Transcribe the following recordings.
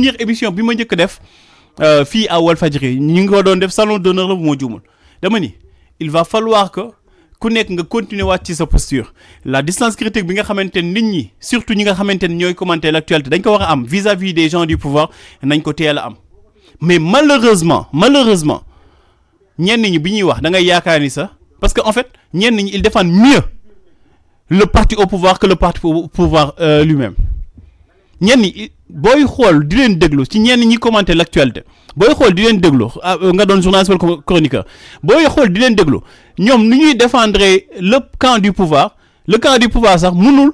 première émission bi ma njëkk def euh, fii à Walfadjri ñu ngi ko doon def salon d'honneur la bu ma juumul dama ni il va falloir que ku nekk nga continuer waat ci sa posture la distance critique bi nga xamante ne nit ñi surtout ñi nga xamante ne ñooy commenter l'actualité dañ ko war am vis-à-vis des gens du pouvoir nañ ko teel am mais malheureusement malheureusement ñenn ñi bi ñuy wax dangay yaakaar ni sax parce que en fait ñenn ñi ils défendent mieux le parti au pouvoir que parti au pouvoir euh, lui-même ñenn booy xool di leen déglu ci ñenn ñi commenter l'actualité booy xool di leen déglu ah, euh, nga doon journaliste wala chroniqueur booy xool di leen déglu ñoom nu ñuy défendre le camp du pouvoir le camp du pouvoir sax mënul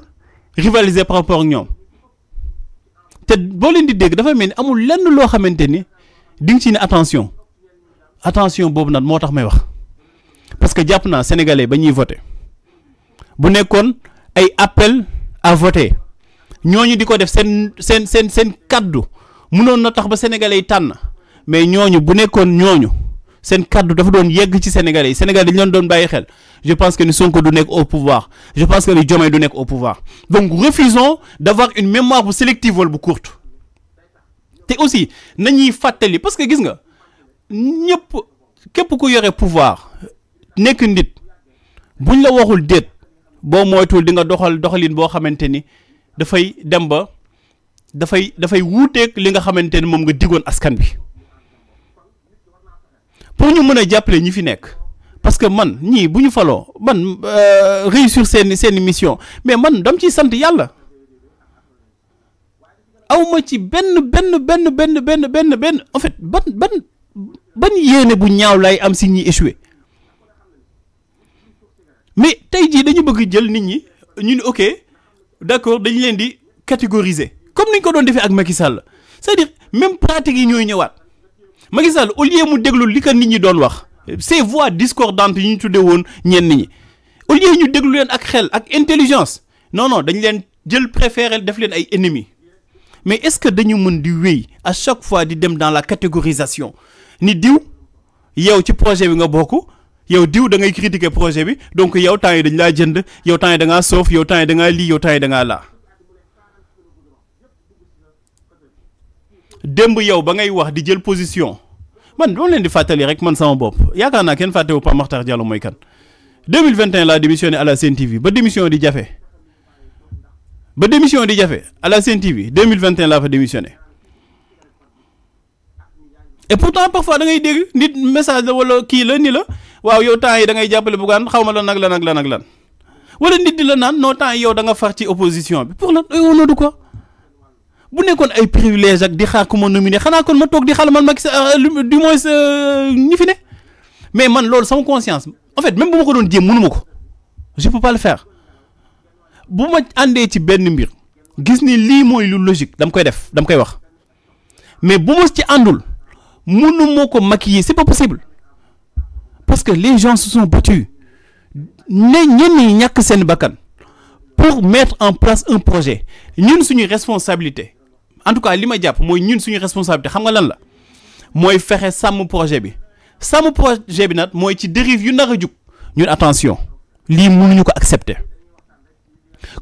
rivaliser par rapport ak ñoom te boo leen di dégg dafay mel ni amul lenn loo xamante ni di nga ci ne attention attention boobu nag moo tax may wax parce que jàpp naa sénégalais ba ñuy voter bu nekkoon ay appel à voter ñooñu di ko def seen seen seen seen kaddu mënoon na tax ba sénégalais yi tànn mais ñooñu bu nekkoon ñooñu seen kaddu dafa doon yegg ci sénégalais yi sénégalais dañ leen doon bàyyi xel je pense que ni Sonko du nekk au pouvoir je pense que ni Diomaye du nekk au pouvoir donc refusons d'avoir une mémoire bu sélective wala bu courte te aussi nañuy fàttali parce que gis nga ñëpp képp ku yore pouvoir nekk nit buñ la waxul déet boo moytuwul di nga doxal doxaliin boo xamante ni dafay dem ba dafay dafay wuuteeg li nga xamante ne moom nga digoon askan bi pour ñu mën a jàppale ñi fi nekk parce que man ñii bu ñu faloo man euh, réussir seen seen mission mais man dam ci sant yàlla awma ci benn benn benn benn benn benn benn en fait ban ban ban yéene bu ñaaw lay am si ñi échoué mais tey jii dañu bëgg jël nit ñi ñu ni ok d'accord dañu leen di catégoriser comme ni ñu ko doon defee ak Macky Sall cest dire même pratique yi ñooy ñëwaat Macky Sall au lieu mu déglu li ko nit ñi doon wax ces voix discordantes yi ñu tuddee woon ñenn ñi au ñu déglu leen ak xel ak intelligence non non dañu leen jël préféré def leen ay ennemis mais est-ce que dañu mën di wéy à chaque fois di dem dans la catégorisation ni diw yow ci projet bi nga bokk. yow diw da ngay critiquer projet bi donc yow temps yi dañ laa jënd yow temps yi da ngaa soof yow temps yi da ngaa lii yow temps yi da ngaa laa démb yow ba ngay wax di jël position man dama leen di fàttali rek man sama bopp yaakaar naa kenn fàttewu Pape Makhtar Diallo mooy kan 2021 laa démissionné à la Sen TV ba démission di jafe ba démission di jafe à la Sen TV 2021 laa fa démissionné et pourtant parfois da ngay dégg nit message la wala kii la ni la waaw yow temps yi da ngay jàppale Bougane xaw ma lan ak lan ak lan ak lan wala nit di la naan noo temps yi yow danga nga far ci opposition bi pour lan ay du ko bu nekkoon ay privilège ak di xaar ku ma nominé xanaa kon ma toog di xaar man Macky Sall euh, du moins euh, ñi fi ne mais man loolu sama conscience en fait même bu ma ko doon jéem mënu ma ko je peux pas le faire bu ma àndee ci benn mbir gis ni lii mooy lu logique dam koy def dam koy wax mais bu ma ci àndul mënu ma ko maquiller c'est pas parce que les gens se sont battus ne ñenn ñi ñàkk seen bakkan pour mettre en place un projet ñun suñu responsabilité en tout cas li ma jàpp mooy ñun suñu responsabilité xam nga lan la mooy fexe sàmm projet bi sàmm projet bi nag mooy ci dérive yu nar a jug ñun attention lii mënuñu ko accepter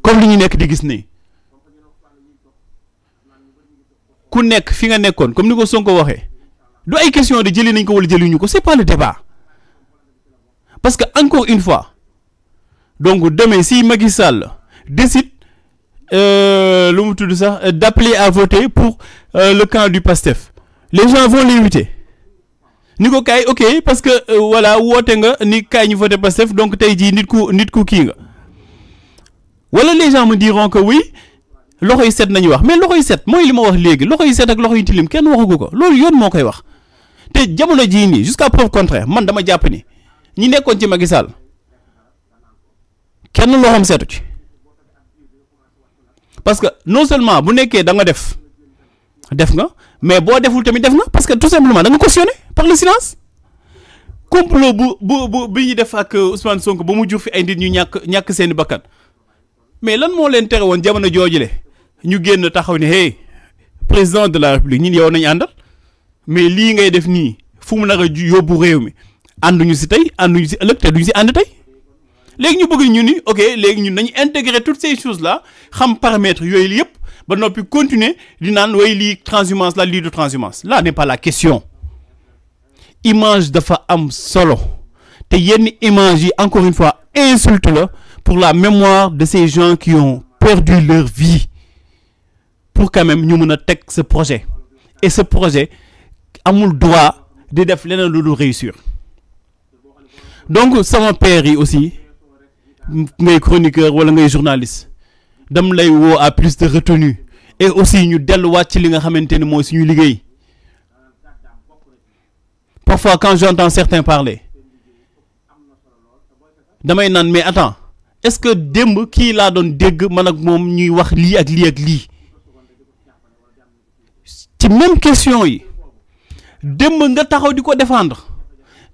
comme li ñu nekk di gis nii ku nekk fi nga nekkoon comme ni ko Sonko waxee du ay question de jëli nañ ko wala jëliñu ko c'est pas le débat. parce que encore une fois donc demain si Macky Sall décide euh, lu mu tudd sax d'appeler à voter pour euh, le camp du PASTEF les gens vont l'inviter ni ko kaay ok parce que euh, woote nga ni kaay ñu voté PASTEF donc tey jii nit ku nit ku kii nga wala les gens me diront que loxo yi set nañu wax mais loxo yi set mooy li ma wax léegi loxo yi set ak loxo yi tilim kenn waxagu ko loolu yoon moo koy wax te jamono jii nii jusqu'à preuve contraire man dama jàpp ni. ñi nekkoon ci Macky Sall kenn loo xam seetu ci parce que non seulement bu nekkee da nga def def nga mais boo deful tamit def nga parce que tout simplement da nga cautionné par le silence complot bu bu bu bi ñuy def ak euh, Ousmane Sonko ba mu jur fi ay nit ñu ñàkk ñàkk seeni bakkan mais lan moo leen tere woon jamono joojule ñu génn taxaw ne hey président de la république ñun yow nañu àndal mais lii ngay def nii fu mu nar a yóbbu réew mi ànduñu si tey ànduñu si ëllëg te duñu si ànd tey léegi ñu bëgg ñu ni ok léegi ñun nañu intégrer toutes ces choses là xam paramètres yooyu yëpp ba noppi continuer di naan way lii transhumance la lii du transhumance là n'est pas la question image dafa am solo te yenn image yi encore une fois insulte la pour la mémoire de ces gens qui ont perdu leur vie pour quand même ñu mën a teg ce projet et ce projet amul droit di def leneen lu dul réussir donc sama père yi aussi ngay chroniqueur wala ngay journaliste dam lay woo à plus de retenue et aussi ñu delluwaat ci li nga xamante ni mooy suñu liggéey parfois quand j'entends certains parler damay naan mais attends est-ce que démb kii laa doon dégg man ak moom ñuy wax lii ak lii ak lii ci même question yi démb nga taxaw di ko défendre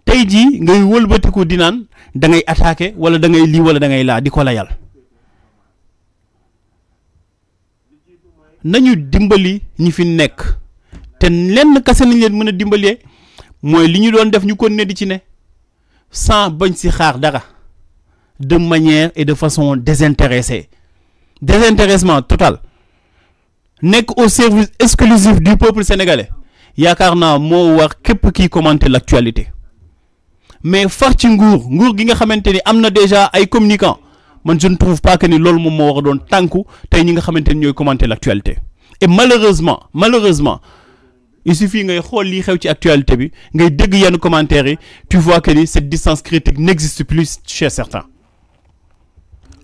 tey jii ngay wëlbatiku di naan da ngay attaqué wala da lii wala da ngay laa di ko yàlla nañu dimbali ñi fi nekk te lenn kase nañ leen mën a dimbalee mooy li ñu doon def ñu kon ne di ci ne sans bañ si xaar dara de manière et de façon désintéressée désintéressement total nekk au service exclusif du peuple sénégalais yaakaar naa moo war képp kiy commenter l'actualité mais far ci nguur nguur gi nga xamante ni am na déjà ay communicants man je ne trouve pas ni loolu moom moo war a doon tànku tey ñi nga xamante ni ñooy commenter l'actualité et malheureusement malheureusement il suffit ngay xool lii xew ci actualité bi ngay dëgg yenn commentaires yi tu vois que ni cette distance critique n'existe plus chez certains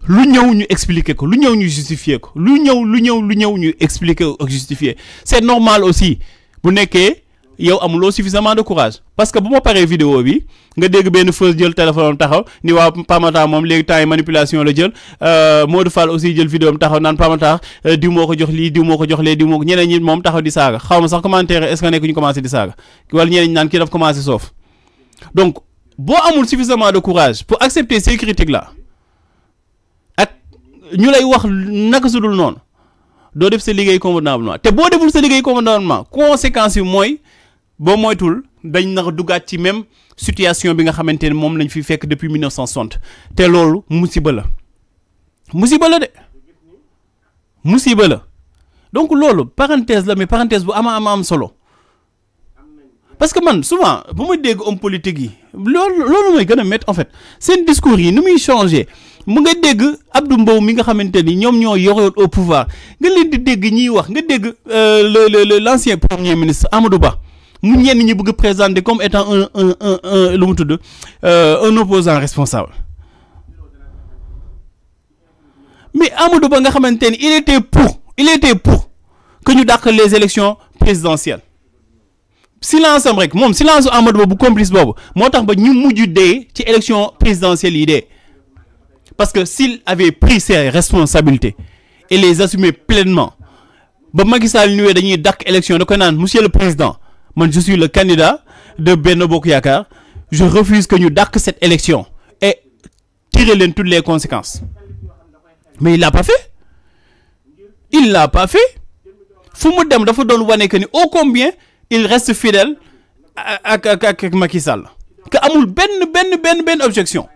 lu ñëw ñu expliquer ko lu ñëw ñu justifier ko lu ñëw lu ñëw lu ñëw ñu expliquer ko ak justifier c'est normal aussi bu nekkee. yow amuloo suffisamment de courage parce que bu ma paree vidéo bi nga dégg benn fës jël téléphone taxaw ni waa Pamata moom léegi temps yi manipulation la jël euh, Modou Fall aussi jël vidéo am taxaw naan Pamata euh, diw moo ko jox lii diw moo ko jox lee diw moo ko ñeneen ñi moom taxaw di saaga xaw ma sax commentaire est-ce que nekk ñu commencé di saaga wala ñeneen ñi naan kii daf commencé soof donc boo amul suffisamment de courage pour accepter ces critiques là ak ñu lay wax naka su dul noonu doo def sa liggéey te boo deful sa liggéey convenablement conséquences yi mooy. boo moytul dañ na duggaat ci même situation bi nga xamante ne moom lañ fi fekk depuis 1960 te loolu musiba la musiba la de musiba la donc loolu parenthèse la mais parenthèse bu ama ama am solo parce que man souvent bu ma dégg homme politique yi loolu loolu mooy gën a métti en fait seen discours yi nu muy changé mu nga dégg Abdou Mbow mi nga xamante ni ñoom ñoo yoroon au pouvoir nga leen di dégg ñiy wax nga dégg euh, le le l'ancien premier ministre Amadou Ba. mu ñeen ñi bëgg présenter comme étant un un un un lu mu tudd euh, un opposant responsable mais Amadou Ba nga xamante ni il était pour il était pour que ñu dàq les élections présidentielles silence am rek moom silence Amadou Ba bu complice boobu moo tax ba ñu mujj dee ci élection présidentielle yi dee parce que s'il avait pris ses responsabilités et les assumer pleinement ba Macky Sall ñëwee dañuy dàq élection da koy naan monsieur le président man je suis le candidat de benn Bokk Yaakaar je refuse que ñu dàq cette élection et tirer leen toutes les conséquences mais il l'a pas fait il l'a pas fait fu mu dem dafa doon wane que ni ô combien il reste fidèle ak ak ak Macky Sall que amul benn benn benn benn objection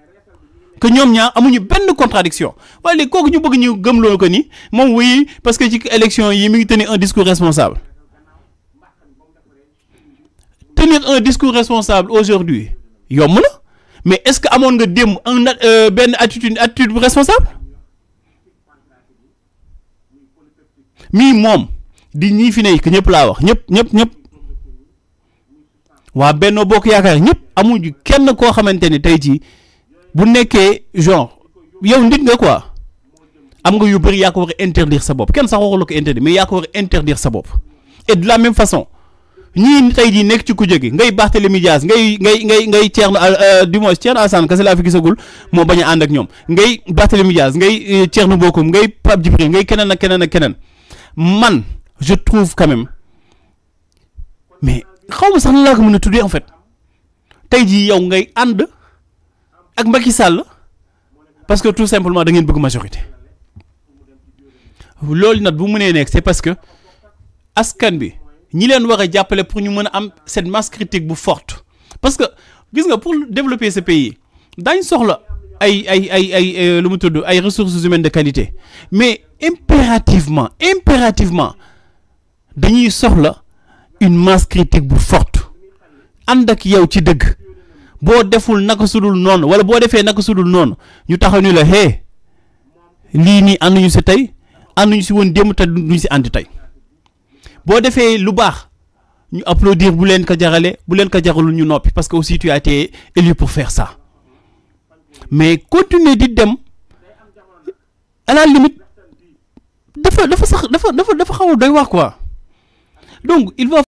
que ñoom ñaar amuñu benn contradiction waaye léegi ñu bëgg ñu gëmloo ko ni moom oui parce que ci élection yi mu ngi tenir un discours responsable tenir un discours responsable aujourd'hui yomb na mais est-ce que amoon nga démb un euh, benn attitude attitude bu responsable mii moom di ñii fi nekk ñëpp laa wax ñëpp ñëpp ñëpp waa Benno Bokk Yaakaar ñëpp amuñu kenn koo xamante ni tey jii bu nekkee genre yow nit nga quoi am nga yu bëri yaa ko war a interdire sa bopp kenn sax waxu ko interdire mais yaa ko war a interdire sa bopp et de la même façon ñii tey jii nekk ci ku jóge ngay Barthélémy Dias ngay ngay ngay ngay Thierno euh, euh, du moins Thierno Alassane kese laa fi gisagul moo bañ a ànd ak ñoom ngay Barthélémy Dias ngay euh, Thierno Bocoum ngay Pape Djibril ngay keneen ak keneen ak keneen man je trouve quand mais xaw ma sax na laa ko mën a tuddee en fait tey jii yow ngay ànd ak Macky Sall parce que tout simplement da ngeen bëgg majorité loolu nag bu mënee nekk c'est parce que askan bi. ñi leen war a jàppale pour ñu mën a am cette masse critique bu forte parce que gis nga pour développer sa pays dañ soxla ay ay ay ay euh, lu mu tudd ay ressources humaines de qualité mais impérativement impérativement dañuy soxla une masse critique bu forte ànd ak yow ci dëgg boo deful naka sudul noonu wala boo defee naka sudul noonu ñu taxaw ni la hé lii nii ànduñu si tey ànduñu si woon démb te duñu si àndi tey boo defee lu baax ñu applaudir bu leen ko jarale bu leen ko jaxalu ñu noppi parce que aussi tu as été élu pour faire sax mais continuer di dem à la dafa dafa sax dafa dafa dafa xaw a doy waar quoi donc il va